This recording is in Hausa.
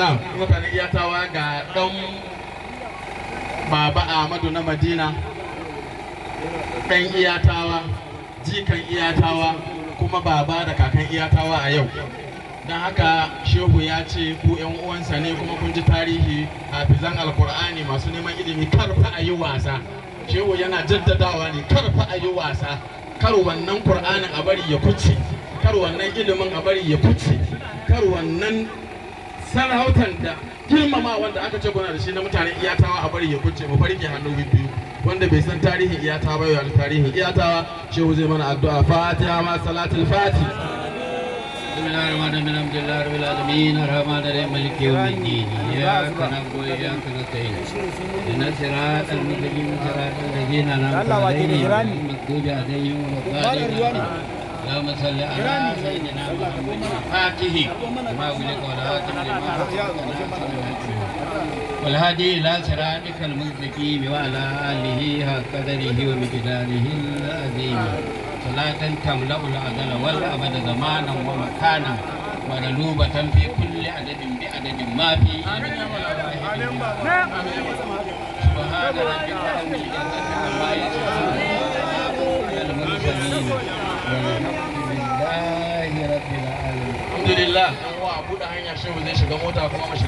nan kuma sanin iyatawa ga ɗan baba ahmadu na madina ɗan iyatawa jikan iyatawa kuma baba da kakan iyatawa a yau don haka shehu ya ce ku yan uwansa ne kuma kun ji tarihi hafizan alkur'ani masu neman ilimi karfa a yi wasa shehu yana jaddadawa ne karfa a yi wasa kar wannan kur'anin a bari ya kuce kar wannan ilimin a bari ya kuce kar wannan sarautar da girmama wanda aka ce kuna da shi na mutanen iyatawa a bari ya kunce mu farke hannu biyu wanda bai san tarihin iyatawa ba yau tarihin iyatawa shehu zai mana addu'a fatiha ma salatul fati بسم الله الرحمن الرحيم الحمد لله رب العالمين الرحمن الرحيم مالك يوم الدين اياك نعبد واياك نستعين اهدنا الصراط المستقيم صراط الذين انعمت عليهم غير المغضوب عليهم اللهم صل على سيدنا محمد فاته ما ولك ولا والهادي إلى صراطك المستقيم وعلى آله حق قدره ومقداره العظيم صلاة تملأ العدل والأبد زمانا ومكانا ونلوبة في كل عدد بعدد ما في سبحان ربك رب العزة عما يصفون alhamdulillah a buɗe hanya zai shiga mota